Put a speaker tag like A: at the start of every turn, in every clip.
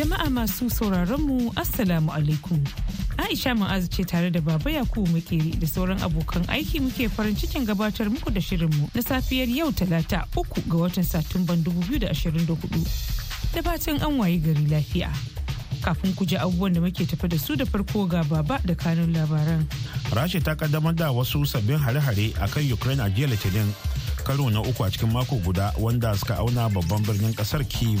A: Jama'a masu sauraron mu Assalamu alaikum. Aisha Ma'azu ce tare da Baba Yakubu Makeri da sauran abokan aiki muke farin cikin gabatar muku da shirin mu na safiyar yau talata uku ga watan Satumban 2024. Da fatan an waye gari lafiya. Kafin ku ji abubuwan da muke tafi da su da farko ga baba da kanun labaran.
B: Rasha ta kaddamar da wasu sabbin hare-hare a kan Ukraine a jiya Litinin karo na uku a cikin mako guda wanda suka auna babban birnin kasar Kyiv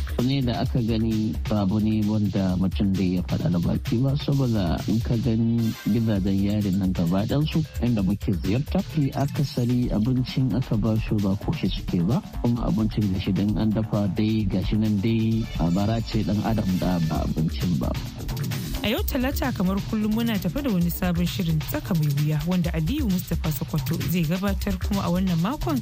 B: abu ne da aka gani babu ne wanda mutum da ya faɗa da baki ba saboda in ka gani gidajen yari nan gaba su inda muke ziyarta fi akasari abincin aka ba shi ba koshi suke ba kuma abincin da shi dan an dafa dai gashi nan dai a bara ce dan adam da ba abincin ba
A: a yau talata kamar kullum muna tafi da wani sabon shirin tsaka mai wuya wanda aliyu mustapha sokoto zai gabatar kuma a wannan makon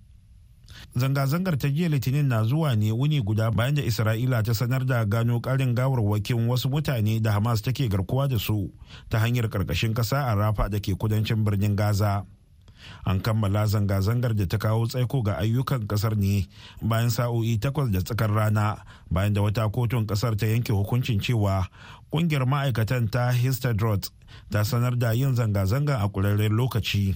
B: Zanga-zangar ta jiya Litinin na zuwa ne wuni guda bayan da Isra'ila ta sanar da gano ƙarin gawarwakin wasu mutane da Hamas take garkuwa da su ta hanyar karkashin ƙasa a Rafa da ke kudancin birnin Gaza. An kammala zanga-zangar da ta kawo tsaiko ga ayyukan kasar ne bayan sa'o'i takwas da tsakar rana bayan da wata kotun kasar ta yanke hukuncin cewa kungiyar ma'aikatan ta Histadrot ta sanar da yin zanga-zanga a kurarren lokaci.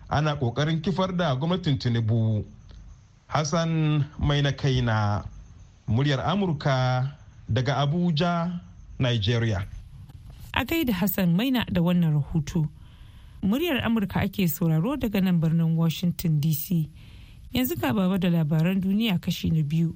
C: ana kokarin kifar da gwamnatin tinubu hassan mai na kai na muryar amurka daga abuja nigeria
A: a gaida hassan maina da wannan rahoto muryar amurka ake sauraro daga nan birnin washington dc yanzu ka baba da labaran duniya kashi na biyu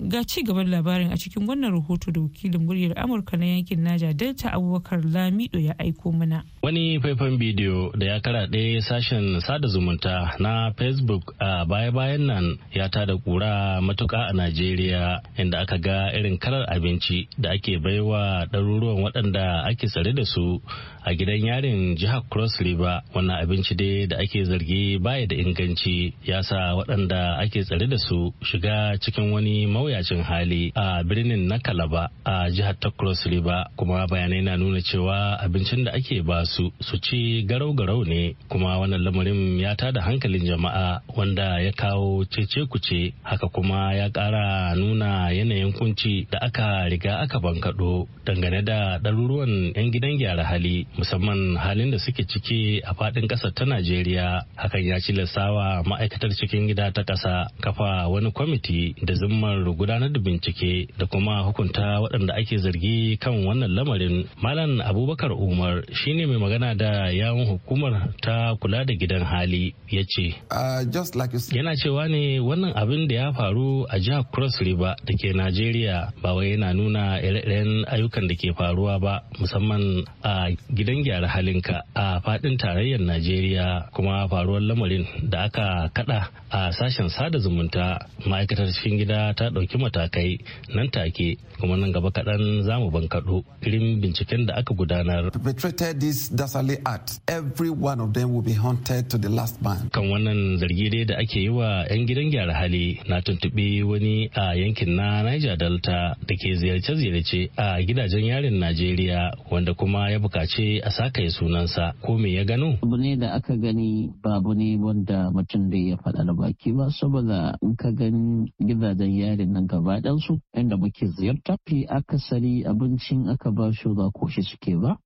A: ga ci gaban labarin a cikin wannan rahoto da wakilin muryar amurka na yankin naja delta abubakar lamido ya aiko mana
D: Wani faifan bidiyo da ya kara karaɗe sashen sada zumunta na Facebook a baya-bayan nan ya tada kura matuka a Najeriya inda aka ga irin karar abinci da ake baiwa ɗaruruwan waɗanda ake tsare da su a gidan yarin jihar Cross River wannan abinci dai da ake zargi baya da inganci ya sa waɗanda ake tsare da su shiga cikin wani mawuyacin hali a birnin na Kalaba a jihar ta Cross River kuma bayanai na nuna cewa abincin da ake ba su su su ci garau-garau ne kuma wannan lamarin ya tada hankalin jama'a wanda ya kawo cece kuce haka kuma ya ƙara nuna yanayin kunci da aka riga aka bankaɗo dangane da ɗaruruwan 'yan gidan gyara hali musamman halin da suke ciki a faɗin ƙasar ta najeriya hakan ya cilastawa ma'aikatar cikin gida ta ƙasa kafa wani kwamiti da zimmar gudanar da bincike da kuma hukunta waɗanda ake zargi kan wannan lamarin malam abubakar umar shine mai magana da yawun hukumar ta kula da gidan hali ya ce uh, yana cewa ne wannan abin da ya faru a jihar cross river da ke najeriya ba wai yana nuna ire-iren ayyukan da ke faruwa ba musamman a gidan gyara halinka a fadin tarayyar najeriya kuma faruwar lamarin da aka kada a sashen sada zumunta ma'aikatar cikin gida ta ɗauki matakai nan take kuma nan gaba kaɗan za mu irin binciken da aka gudanar
C: dasali Act, every one of them will be haunted to the last
D: man. Kan wannan zargi dai da ake yi wa 'yan gidan gyara hali na tuntuɓi wani a yankin na Niger Delta da ke ziyarce-ziyarce a gidajen yarin Najeriya wanda kuma ya bukaci a sakaye sunansa ko me ya gano? Abu ne da aka gani babu
B: ne wanda mutum da ya faɗa da baki ba saboda in ka gani gidajen yarin
D: nan gaba ɗansu inda muke ziyarta fi akasari abincin aka ba shi ba ko shi suke ba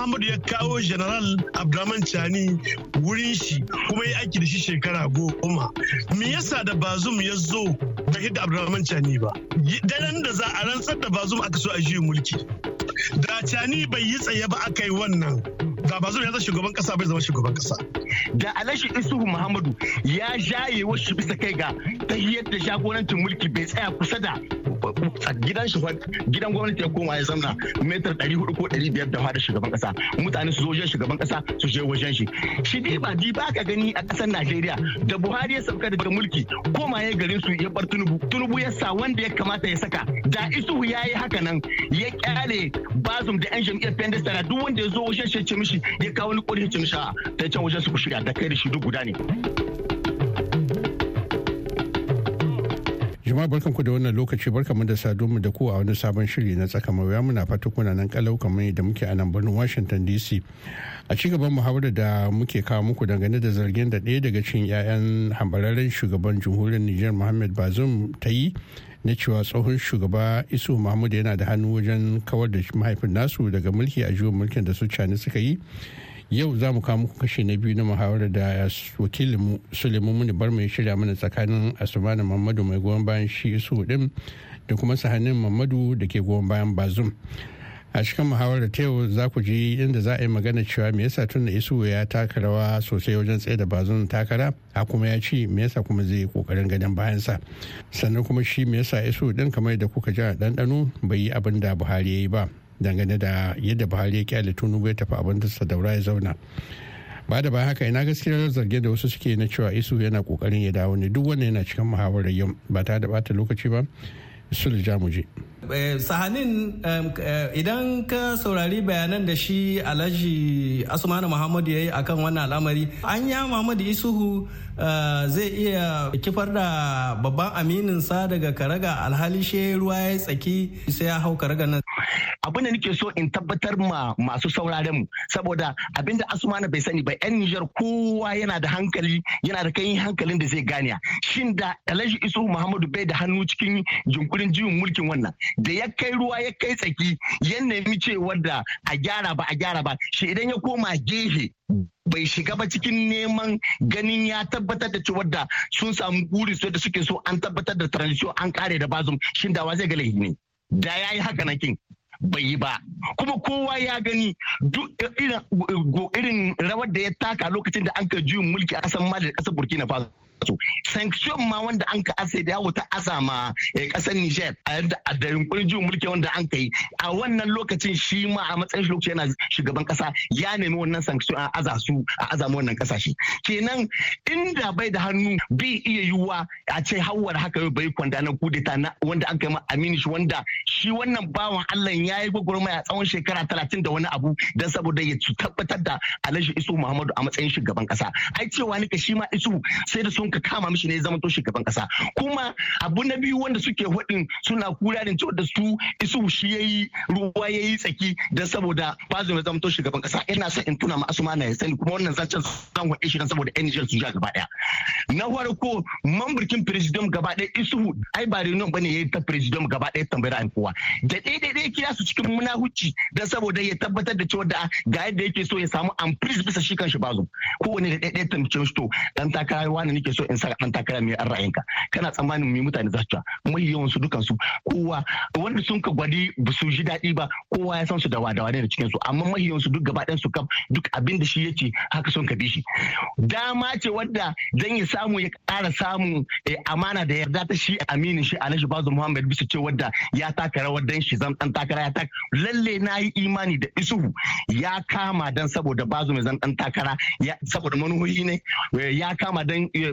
E: Muhammadu ya kawo General Abdulrahman Chani wurin shi kuma ya aiki da shi shekara goma. Me yasa da Bazum ya zo da hidda Abdulrahman Chani ba? Daren da za a rantsar da Bazum aka so a juyin mulki. Da Chani bai yi tsaye ba aka yi wannan. da bazum ya zama shugaban kasa bai zama shugaban kasa
F: da alashi isuhu muhammadu ya jaye wasu bisa kai ga tahiyar da jagorancin mulki bai tsaya kusa da gidan shi gidan gwamnati ya koma ya zamna metar hudu ko biyar da fara shugaban kasa mutane su zo wajen shugaban kasa su je wajen shi shi dai ba di ba ka gani a kasar Najeriya da Buhari ya sauka daga mulki koma ya garin su ya bar Tunubu Tunubu ya sa wanda ya kamata ya saka da isuhu yi haka nan ya kyale bazum da yan jam'iyyar Pendestara duk wanda ya zo wajen shi ya ce mishi ya kawo wani kuri ya ce ta can wajen su shirya da kai da shi duk guda ne.
G: jama'a barkan ku da wannan lokaci barkan mu da mu da ku a wani sabon shiri na tsaka mawuya muna fata kuna nan kalau kamar da muke a nan birnin washington dc a ci gaban muhawarar da muke kawo muku dangane da zargin da ɗaya daga cikin 'ya'yan hambararren shugaban jamhuriyar niger mohammed bazoum ta yi na cewa tsohon shugaba isu mahmud yana da hannu wajen kawar da mahaifin nasu daga mulki a juyin mulkin da su cani suka yi yau za mu kawo kashe na biyu na muhawarar da wakilinmu suleiman muni bar mai shirya mana tsakanin asumana mamadu mai goyon bayan shi isu din da kuma sahanin mamadu da ke goyon bayan bazum a cikin muhawarar ta yau za ku ji inda za a yi magana cewa me yasa tun da isu ya taka rawa sosai wajen tsaye da bazon takara a kuma ya ci me yasa kuma zai kokarin ganin bayansa sannan kuma shi me yasa isu din kamar da kuka ji a ɗanɗano bai yi abin da buhari ya yi ba dangane da yadda buhari ya kyale tunubu ya tafi abin da daura ya zauna ba da ba haka ina gaskiyar zarge da wasu suke na cewa isu yana kokarin ya dawo ne duk wanda yana cikin muhawarar yau ba ta da bata lokaci ba Sule Jamuje.
H: Eh, sahanin eh, idan ka saurari bayanan da shi alhaji asmanu muhammadu ya yi akan wannan al'amari an ya muhammadu isuhu eh, zai iya kifar da babban aminin
F: sa daga karaga alhali shi ruwa ya tsaki sai ya hau karaga nan abin da nake so in tabbatar ma masu sauraren mu saboda abin da Asumana bai sani ba yan nijar kowa yana da hankali yana da kai hankalin da zai gane shin da alhaji isu muhammadu bai da hannu cikin jinkurin jiwon mulkin wannan da ya kai ruwa ya kai tsaki ya nemi cewa da a gyara ba a gyara ba shi idan ya koma gehe bai shiga ba cikin neman ganin ya tabbatar da cewar da sun samu guri da suke so an tabbatar da transition an kare da bazum shin da wa zai ga ne da ya haka na kin bai yi ba kuma kowa ya gani duk irin rawar da ya taka lokacin da an ka juyin mulki a ƙasar mali da ƙasar burkina faso su sanction ma wanda an ka ase da yawo ta azama eh, kasar Niger a yadda a da yunkurin jin mulki wanda an kai a wannan lokacin shi ma a matsayin shi yana shugaban kasa ya nemi wannan sanction a aza su a azama wannan kasashe kenan inda bai da hannu bi iya yiwuwa a ce hawar haka yau bai kwanda na kudeta na wanda an kai ma Aminu shi wanda shi wannan bawan Allah ya yi a tsawon shekara talatin da wani abu don saboda ya tabbatar da Alhaji Isu Muhammadu a matsayin shugaban kasa ai cewa nika shi ma Isu sai da sun ka kama mishi ne zama to shugaban kasa kuma abu na biyu wanda suke hudin suna kura da cewa da su isu shi yayi ruwa yayi tsaki dan saboda bazum ya zama to shugaban kasa ina son in tuna ma asuma na ya sani kuma wannan zancen zan hade shi saboda saboda NGL su ja gaba daya na farko mamburkin president gaba daya isu ai ba renon bane yayi ta president gaba daya tambayar an kowa da daidai kira su cikin munahuci dan saboda ya tabbatar da cewa da ga yadda yake so ya samu amprise bisa shi kan shi bazo kowane da daidai tambayar shi to dan takarawa ne nake so so in sa an takara mai ra'ayinka kana tsammanin mai mutane za su ta mai yawan su dukan su kowa wanda sun ka gwadi ba su ji daɗi ba kowa ya san su da wadawa da cikin su amma mai yawan su duk gaba ɗan su kam duk abin da shi ce haka sun ka bi shi dama ce wadda zan yi samu ya ƙara samu eh, amana da yarda ta shi aminin shi Alhaji bazu Muhammad bisa ce wadda ya takara rawar dan shi zan dan takara ya taka lalle na yi imani da isuhu ya kama dan saboda bazu mai zan dan takara saboda manuhoyi ne eh, ya kama dan eh,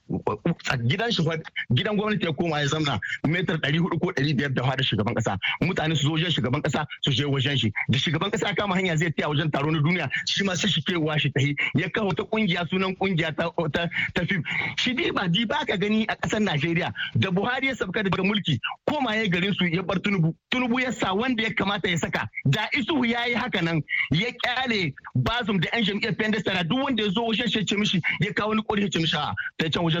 F: gidan shi gidan gwamnati ya koma ya zamna metar 400 ko 500 da fada shugaban kasa mutane su zo wajen shugaban kasa su je wajen shi da shugaban kasa kama hanya zai taya wajen taro na duniya shi ma sai shi ke washi tahi ya kawo ta kungiya sunan kungiya ta ta ta fim shi dai ba di baka gani a kasar Najeriya da Buhari ya sabka daga mulki koma ya garin su ya bar Tunubu Tunubu ya sa wanda ya kamata ya saka da isu ya yi haka nan ya kyale bazum da yan jam'iyyar Pendestara duk wanda ya zo wajen shi ya ce mishi ya kawo ni kori ya ce mishi a ta can wajen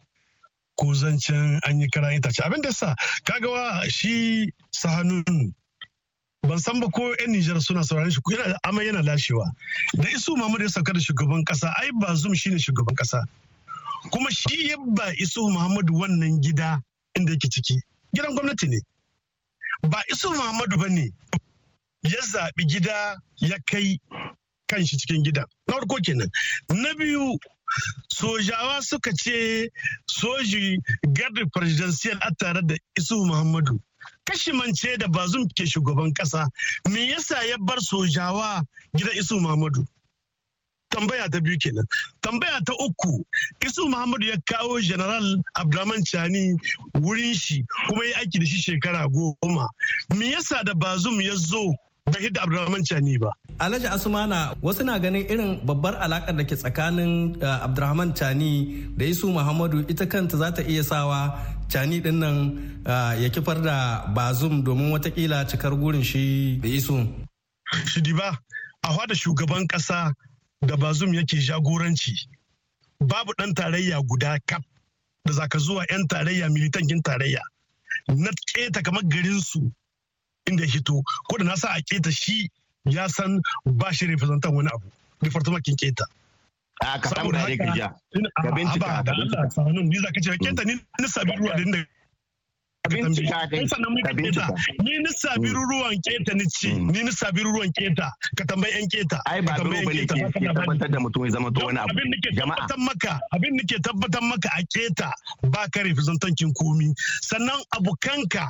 E: ko zancen an yi karan itace abin da yasa kagawa shi sahanun ban san ba ko yan Nijar suna sauraron shi yana amma yana lashewa da isu Muhammadu ya sauka da shugaban kasa ai ba zum shine shugaban kasa kuma shi ya ba isu Muhammadu wannan gida inda yake ciki gidan gwamnati ne ba isu Muhammadu ba ne ya zaɓi gida ya kai kan shi cikin gidan na farko kenan na biyu sojawa suka ce soji garda presidential a tare da isu muhammadu kashimance da bazum ke shugaban kasa me yasa ya bar sojawa gidan isu muhammadu tambaya ta biyu kenan tambaya ta uku isu muhammadu ya kawo general abdulrahman chani wurin shi kuma ya
H: aiki da shi shekara goma me yasa da bazum ya zo bai da abdulrahman cani ba alhaji asumana wasu na ganin irin babbar alakar da ke tsakanin eh, abdulrahman cani da isu muhammadu ita kanta za ta iya sawa cani din nan eh, ya kifar da bazum domin watakila cikar gurin shi da isu shidi ba a hada shugaban kasa da bazum yake jagoranci
E: babu dan tarayya guda kap da zaka zuwa yan tarayya militankin tarayya na keta kamar garinsu inda ya hito ko da na sa a keta shi ya san ba shi representan wani abu department kin keta
F: a ka samu da ka ja
E: ka bincika da Allah sanin ni ka ce keta ni ni sabi ruwa din da ka bincika ka bincika ni ni sabi mm. ruwan keta ni ci mm. ni ni sabi ruwan keta ka tambayi yan keta ai ba dole bane ke tabbatar da mutum
F: ya zama to wani abu jama'a abin
E: maka abin nake tabbatar maka a keta ba ka representan kin komi sannan abukanka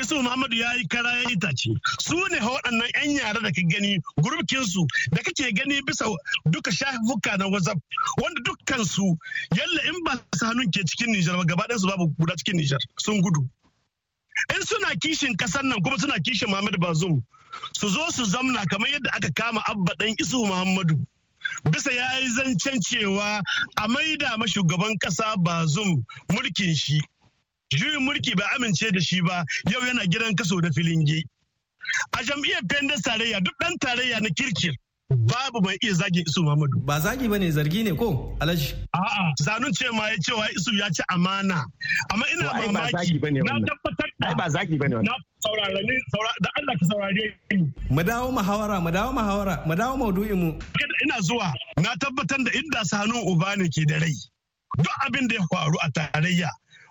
E: Isu Muhammadu ya yi kara ya itace su ne waɗannan 'yan yara da ka gani su da kake gani bisa duka shafuka na wazaf wanda dukkansu yalla in ba su hannun ke cikin Nijar ba gaba su babu guda cikin Nijar sun gudu. In suna kishin kasar nan kuma suna kishin Muhammadu Bazum su zo su zamna kamar yadda aka kama abba ɗan Isu Muhammadu. bisa ya yi zancen cewa a maida ma shugaban kasa bazum mulkin shi juyin mulki bai amince da shi ba yau yana gidan kaso da filingi a jam'iyyar pendan tarayya duk dan tarayya na kirkir babu mai iya zagi isu Muhammadu. Ba zagi bane zargi ne ko Alhaji? A'a, zanun ce ma ya wa isu ya ci
H: amana. Amma
E: ina mamaki. Na
H: tabbatar da. ba zagi wannan. Na
E: da
H: Allah ka saurare ni. Mu dawo muhawara, mu dawo muhawara, mu dawo maudu'in mu. Ina
E: zuwa, na tabbatar da inda sanu uba ne ke da rai. Duk abin da ya faru a tarayya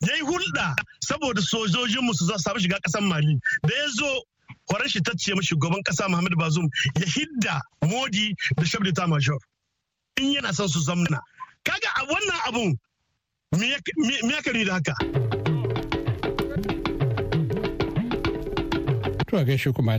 E: ya yi hulɗa saboda sojojinmu su samu shiga ƙasar mali da ya zo kwaran shi tacce mashi shugaban ƙasa muhammadu bazum ya hidda modi da shabda ta major in yana son su zamna kaga a wannan abun me ya kari da haka
G: to a gaishe kuma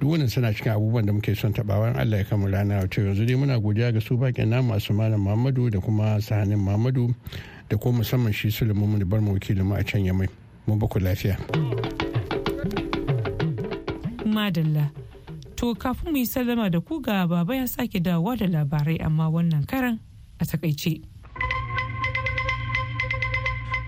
G: duwannan suna cikin abubuwan da muke son tabawan allah ya kama rana wato yanzu dai muna godiya ga su baƙin na masu malam muhammadu da kuma sahanin muhammadu da ko musamman shi sulemu da bar mu mu a can yamai mu baku lafiya
A: madalla to kafin mu yi sallama da ku ga baba ya sake dawowa da labarai amma wannan karan a takaice.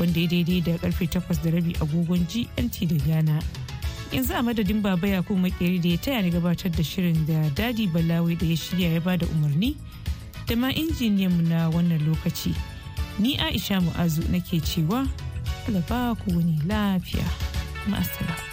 A: wanda ya daidai da karfe 8 da rabi agogon GMT da Ghana. Yanzu a madadin Baba Yakubu Makeri da ya taya ni gabatar da shirin da Dadi Balawi da ya shirya ya bada umarni da ma injiniyan mu na wannan lokaci. Ni Aisha Mu'azu nake cewa, Allah ba ku wani lafiya. Ma'asala.